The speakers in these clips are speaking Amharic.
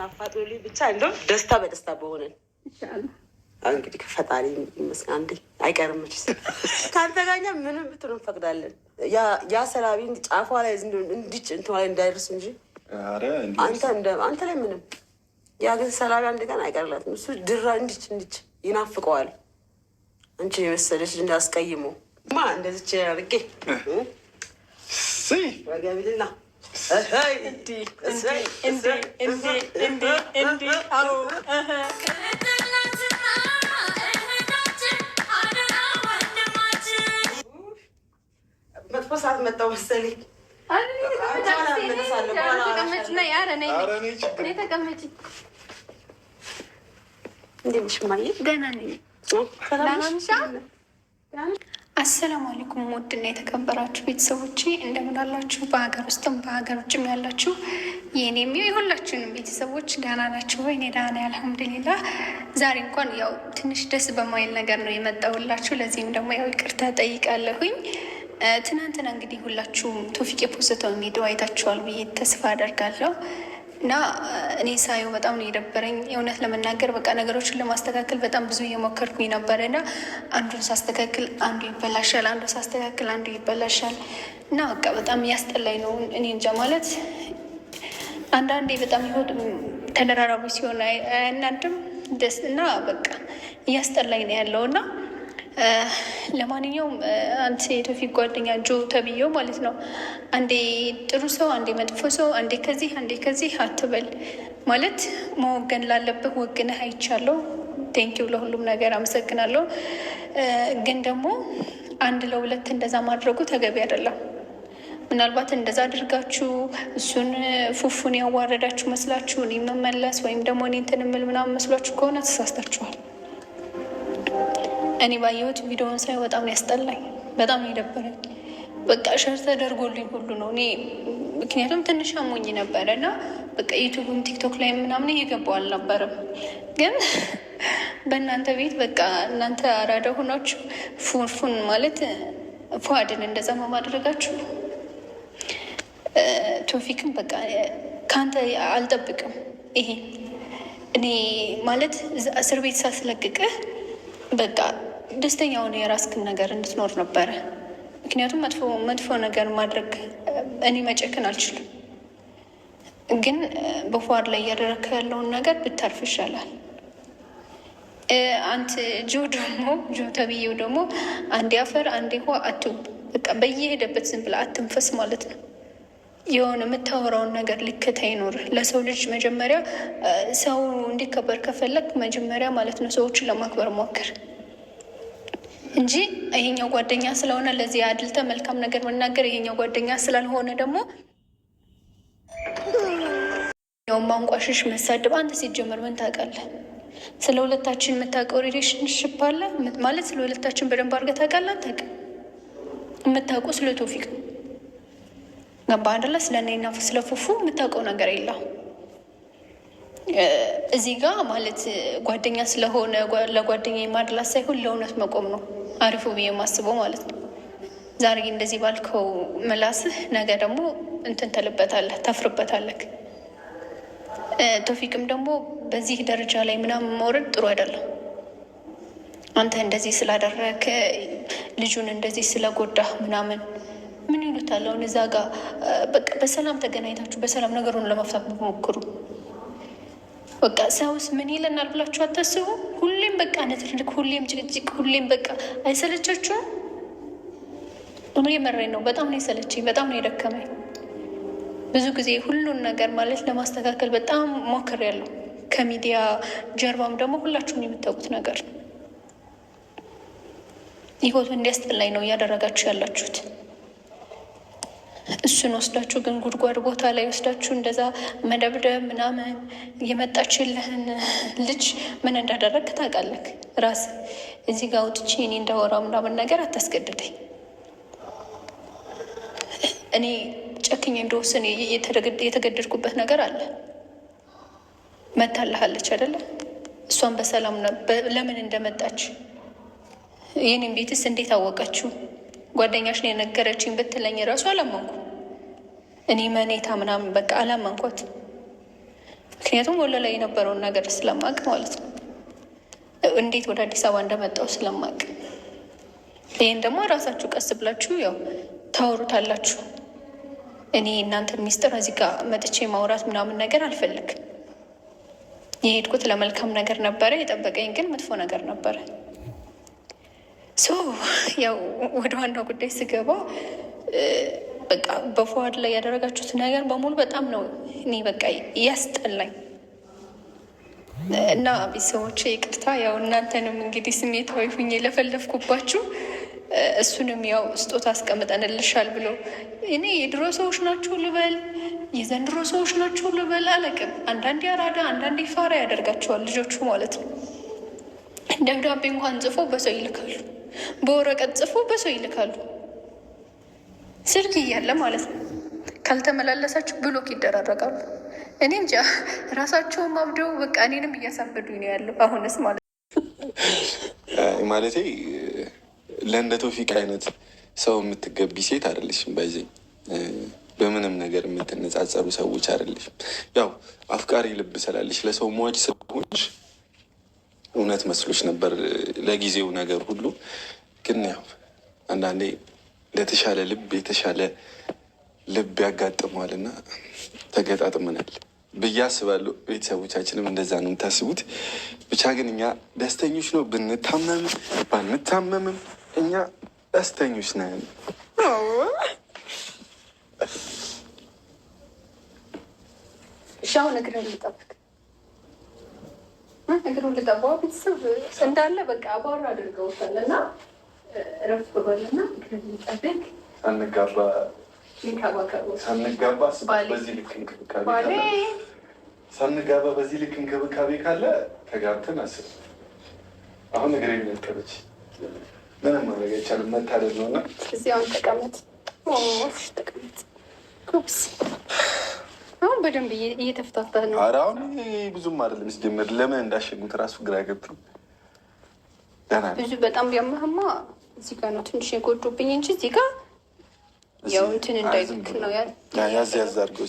ራሱን አፋጥኖልኝ ብቻ እንደውም ደስታ በደስታ በሆነን እንግዲህ ከፈጣሪ ይመስገን። አንዴ አይቀርም ከአንተ ጋር ምንም ብትሆን እንፈቅዳለን። ያ ሰላቢ ጫፏ ላይ እንዲጭ እንትን ላይ እንዳይደርስ እንጂ አንተ አንተ ላይ ምንም። ያ ግን ሰላቢ አንድ ቀን አይቀርላትም። እሱ ድራ እንዲች እንዲች ይናፍቀዋል። አንቺ የመሰለች እንዳስቀይመው ማ እንደዚች አድርጌ ወገቢልና መጥፎ ሰዓት መጣሁ መሰለኝ። ተቀመጭ አሰላሙ አለይኩም ውድና የተከበራችሁ ቤተሰቦቼ እንደምን አላችሁ? በሀገር ውስጥም በሀገር ውጭም ያላችሁ የኔም የሁላችሁንም ቤተሰቦች ደህና ናችሁ ወይ? እኔ ደህና አልሐምዱሊላ። ዛሬ እንኳን ያው ትንሽ ደስ በማይል ነገር ነው የመጣሁላችሁ። ለዚህም ደግሞ ያው ይቅርታ ጠይቃለሁኝ። ትናንትና እንግዲህ ሁላችሁም ቶፊቅ የፖስተው ቪዲዮ አይታችኋል ብዬ ተስፋ አደርጋለሁ። እና እኔ ሳየው በጣም ነው የደበረኝ። የእውነት ለመናገር በቃ ነገሮችን ለማስተካከል በጣም ብዙ እየሞከርኩኝ ነበረ እና አንዱን ሳስተካክል አንዱ ይበላሻል፣ አንዱ ሳስተካክል አንዱ ይበላሻል እና በቃ በጣም ያስጠላኝ ነው። እኔ እንጃ ማለት አንዳንዴ በጣም ህይወት ተደራራቢ ሲሆን አያናድም ደስ እና በቃ እያስጠላኝ ነው ያለው እና ለማንኛውም አንድ የቶፊቅ ጓደኛ ጆ ተብዬው ማለት ነው። አንዴ ጥሩ ሰው፣ አንዴ መጥፎ ሰው፣ አንዴ ከዚህ አንዴ ከዚህ አትበል ማለት መወገን ላለብህ ወግነህ አይቻለሁ። ቴንኪው ለሁሉም ነገር አመሰግናለሁ። ግን ደግሞ አንድ ለሁለት እንደዛ ማድረጉ ተገቢ አይደለም። ምናልባት እንደዛ አድርጋችሁ እሱን ፉፉን ያዋረዳችሁ መስላችሁ እኔ የምመለስ ወይም ደግሞ እኔ እንትን የምል ምናምን መስሏችሁ ከሆነ ተሳስታችኋል። እኔ ባየሁት ቪዲዮን ሳይ በጣም ነው ያስጠላኝ፣ በጣም ነው የደበረኝ። በቃ ሸር ተደርጎልኝ ሁሉ ነው እኔ ምክንያቱም ትንሽ አሞኝ ነበረ እና በቃ ዩቱብም ቲክቶክ ላይ ምናምን እየገባው አልነበረም። ግን በእናንተ ቤት በቃ እናንተ አራዳ ሆናችሁ ፉንፉን ማለት ፏድን እንደዛ ማድረጋችሁ ቶፊክም በቃ ከአንተ አልጠብቅም። ይሄ እኔ ማለት እዛ እስር ቤት ሳስለቅቅህ በቃ ደስተኛ ሆነ የራስክን ነገር እንድትኖር ነበረ። ምክንያቱም መጥፎ መጥፎ ነገር ማድረግ እኔ መጨክን አልችልም፣ ግን በፏድ ላይ እያደረክ ያለውን ነገር ብታርፍ ይሻላል። አንተ ጆ ደግሞ ጆ ተብዬው ደግሞ አንዴ አፈር አንዴ ውሃ አት በቃ በየሄደበት ዝም ብለህ አትንፈስ ማለት ነው። የሆነ የምታወራውን ነገር ልክታ ይኖር። ለሰው ልጅ መጀመሪያ ሰው እንዲከበር ከፈለግ መጀመሪያ ማለት ነው ሰዎችን ለማክበር ሞክር። እንጂ ይሄኛው ጓደኛ ስለሆነ ለዚህ አድልተ መልካም ነገር መናገር፣ ይሄኛው ጓደኛ ስላልሆነ ደግሞ ያው ማንቋሽሽ፣ መሳደብ። አንተ ሲጀመር ምን ታውቃለህ? ስለ ሁለታችን የምታውቀው ሪሌሽንሽፕ አለ ማለት ስለ ሁለታችን በደንብ አድርገህ ታውቃለህ። አንተ የምታውቀው ስለ ቶፊቅ ገባህ አይደለ? ስለ እኔና ስለ ፉፉ የምታውቀው ነገር የለም። እዚህ ጋር ማለት ጓደኛ ስለሆነ ለጓደኛ ማድላት ሳይሆን ለእውነት መቆም ነው። አሪፉ ብዬ ማስበው ማለት ነው። ዛሬ እንደዚህ ባልከው ምላስህ ነገ ደግሞ እንትን ትልበታለህ፣ ታፍርበታለህ። ቶፊቅም ደግሞ በዚህ ደረጃ ላይ ምናምን መውረድ ጥሩ አይደለም። አንተ እንደዚህ ስላደረክ ልጁን እንደዚህ ስለጎዳህ ምናምን ምን ይሉታል አሁን እዛ ጋር በቃ በሰላም ተገናኝታችሁ በሰላም ነገሩን ለመፍታት ሞክሩ። በቃ ሰውስ ምን ይለናል ብላችሁ አታስቡ። ሁሌም በቃ ንትርክ፣ ሁሌም ጭቅጭቅ፣ ሁሌም በቃ አይሰለቻችሁም? እኔ ነው። በጣም ነው የሰለችኝ፣ በጣም ነው የደከመኝ። ብዙ ጊዜ ሁሉን ነገር ማለት ለማስተካከል በጣም ሞክሬያለሁ። ከሚዲያ ጀርባም ደግሞ ሁላችሁም የምታውቁት ነገር ህይወቱ እንዲያስጠላኝ ነው እያደረጋችሁ ያላችሁት። እሱን ወስዳችሁ ግን ጉድጓድ ቦታ ላይ ወስዳችሁ እንደዛ መደብደብ ምናምን የመጣችልህን ልጅ ምን እንዳደረግ ታውቃለህ ራስ እዚህ ጋር ውጥቺ እኔ እንዳወራው ምናምን ነገር አታስገድደኝ። እኔ ጨክኝ እንደወስን የተገደድኩበት ነገር አለ። መታልሃለች አይደለም? እሷን በሰላም ለምን እንደመጣች ይህንን ቤትስ እንዴት አወቀችው? ጓደኛሽን የነገረችኝ ብትለኝ ራሱ አላመንኩ። እኔ መኔታ ምናምን በቃ አላመንኳት። ምክንያቱም ወሎ ላይ የነበረውን ነገር ስለማቅ ማለት ነው፣ እንዴት ወደ አዲስ አበባ እንደመጣው ስለማቅ። ይህን ደግሞ ራሳችሁ ቀስ ብላችሁ ያው ታወሩታላችሁ። እኔ እናንተ ሚስጥር እዚህ ጋር መጥቼ ማውራት ምናምን ነገር አልፈልግ። የሄድኩት ለመልካም ነገር ነበረ። የጠበቀኝ ግን መጥፎ ነገር ነበረ። ሶ ያው ወደ ዋናው ጉዳይ ስገባ በቃ በፈዋድ ላይ ያደረጋችሁት ነገር በሙሉ በጣም ነው እኔ በቃ ያስጠላኝ እና ቤተሰቦች ይቅርታ። ያው እናንተንም እንግዲህ ስሜታዊ ሁኜ ለፈለፍኩባችሁ እሱንም ያው ስጦታ አስቀምጠንልሻል ብሎ እኔ የድሮ ሰዎች ናችሁ ልበል የዘንድሮ ሰዎች ናችሁ ልበል አለቅም። አንዳንዴ አራዳ አንዳንዴ ፋራ ያደርጋቸዋል ልጆቹ ማለት ነው። ደብዳቤ እንኳን ጽፎ በሰው ይልካሉ። በወረቀት ጽፎ በሰው ይልካሉ። ስልክ እያለ ማለት ነው። ካልተመላለሳችሁ ብሎክ ይደራረጋሉ። እኔ እንጃ ራሳቸውም አብደው በቃ እኔንም እያሳበዱ ነው ያለው። አሁንስ ማለት ማለቴ ለእንደ ቶፊቅ አይነት ሰው የምትገቢ ሴት አይደለሽም። በዚህ በምንም ነገር የምትነጻጸሩ ሰዎች አይደለሽም። ያው አፍቃሪ ልብ ስላለሽ ለሰው ሟች ስለሆንሽ እውነት መስሎች ነበር ለጊዜው ነገር ሁሉ። ግን ያው አንዳንዴ ለተሻለ ልብ የተሻለ ልብ ያጋጥመዋል እና ተገጣጥመናል ብዬ አስባለሁ። ቤተሰቦቻችንም እንደዛ ነው የምታስቡት። ብቻ ግን እኛ ደስተኞች ነው ብንታመምም ባንታመምም እኛ ደስተኞች ነን። እሺ አሁን ልጠብቅ እግሩ ልጠባ ቤተሰብ እንዳለ በቃ አባወራ አድርገውታል። እና እረፍት ብሏልና እግር ልጠብቅ ሳንጋባ በዚህ ልክ እንክብካቤ ካለ ሳንጋባ በዚህ ልክ እንክብካቤ ካለ ተጋብተን አስብ። አሁን እግር የሚለጠበች ምንም ማድረግ አይቻልም። መታደል ነው እና እዚህ አሁን ተቀመጥ ተቀመጥ አሁን በደንብ እየተፍታታ ነው። ኧረ አሁን ብዙም አይደለም። ሲጀምር ለምን እንዳሸጉት ራሱ ግራ ገብቶኝ ብዙ በጣም ቢያመህማ እዚህ ጋ ነው ትንሽ የጎዱብኝ እንጂ እዚህ ጋ ያው እንትን እንዳይልክ ነው ያዝ ያዝ አድርገው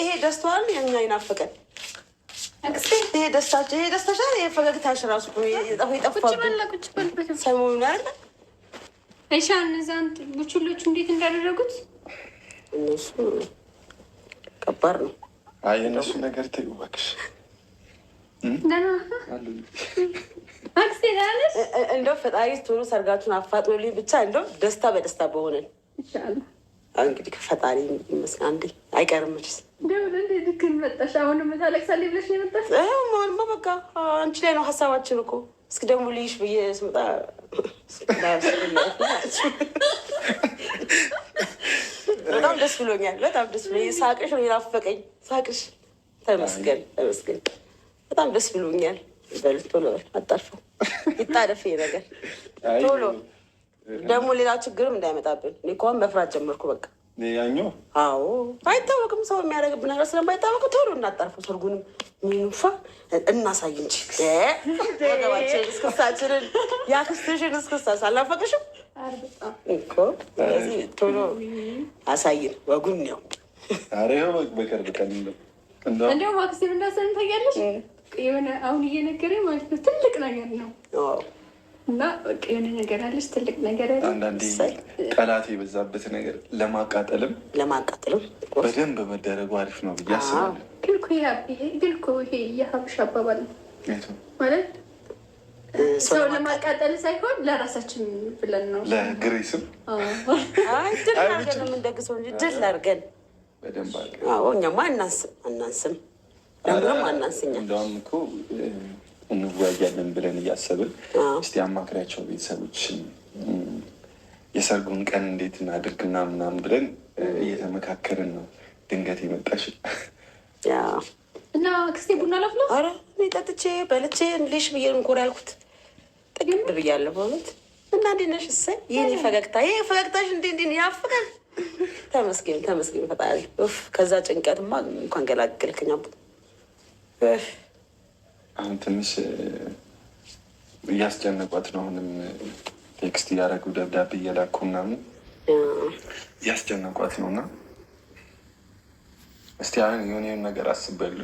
ይሄ ደስታዋን የኛ ይናፍቀን። ይሄ ደስታችን ይሄ ደስታችን ይሄ ፈገግታሽ ራሱ ቡችሎቹ እንዴት እንዳደረጉት እነሱ ከባድ ነው። አይ እነሱ ነገር ተይው እባክሽ። እንደው ፈጣሪ ቶሎ ሰርጋቱን አፋጥሎልኝ ብቻ እንደው ደስታ በደስታ በሆነን እንግዲህ ከፈጣሪ ይመስል አንዴ አይቀርም ስ በቃ አንቺ ላይ ነው ሀሳባችን እኮ እስኪ ደግሞ ልይሽ ብዬ ስመጣ በጣም ደስ ብሎኛል። በጣም ደስ ብሎ ሳቅሽ ነው የናፈቀኝ። ሳቅሽ ተመስገን ተመስገን። በጣም ደስ ብሎኛል። በል ቶሎ በል አጣርፈው ይጣደፍ ነገር ቶሎ ደግሞ ሌላ ችግርም እንዳይመጣብን። እኔ እኮ አሁን መፍራት ጀመርኩ በቃ ያኛው አዎ፣ አይታወቅም። ሰው የሚያደርግብ ነገር ስለማይታወቅ ቶሎ እናጣርፈው። ሰርጉንም ሚኑፋ እናሳይ እንጂ ገባችን እስክሳችንን የአክስትሽን እስክሳ ሳላፈቅሽም እኮ ቶሎ አሳይን። ወጉን ያው ኧረ ይኸው በቅርብ ቀን እንደውም አክስቴም እንዳሰንፈያለች የሆነ አሁን እየነገረኝ ማለት ነው ትልቅ ነገር ነው እና የሆነ ነገር አለች፣ ትልቅ ነገር አለ። አንዳንዴ ጠላት የበዛበት ነገር ለማቃጠልም ለማቃጠልም በደንብ መደረጉ አሪፍ ነው ብዬ አስባለሁ። ግን እኮ ይሄ የሀበሻ አባባል ነው ማለት ሰው ለማቃጠል ሳይሆን ለራሳችን ብለን ነው። ለግሬስም ድል አድርገን የምንደግሰው እንጂ ድል አድርገን እኛማ አናንስም አናንስም፣ ለምንም አናንስኛ እንደውም እኮ እንወያያለን ብለን እያሰብን እስቲ አማክሪያቸው ቤተሰቦችን የሰርጉን ቀን እንዴት እናድርግና ምናምን ብለን እየተመካከልን ነው። ድንገት የመጣሽ እና ክስቴ ቡና ላፍላ። ኧረ እኔ ጠጥቼ በልቼ እንዴሽ ብዬ እንኮር ያልኩት ጥቅም ብያለሁ በእውነት። እና እንዴት ነሽ? እሰይ ይህን ፈገግታ ይህ ፈገግታሽ እንዴ እንዴ ያፍቃል። ተመስገን ተመስገን ፈጣሪ። ከዛ ጭንቀትማ እንኳን ገላግልክኛ ትንሽ እያስጨነቋት ነው። አሁንም ቴክስት እያደረጉ ደብዳቤ እየላኩ ምናምን እያስጨነቋት ነው እና እስቲ አሁን የሆነ ነገር አስበሉ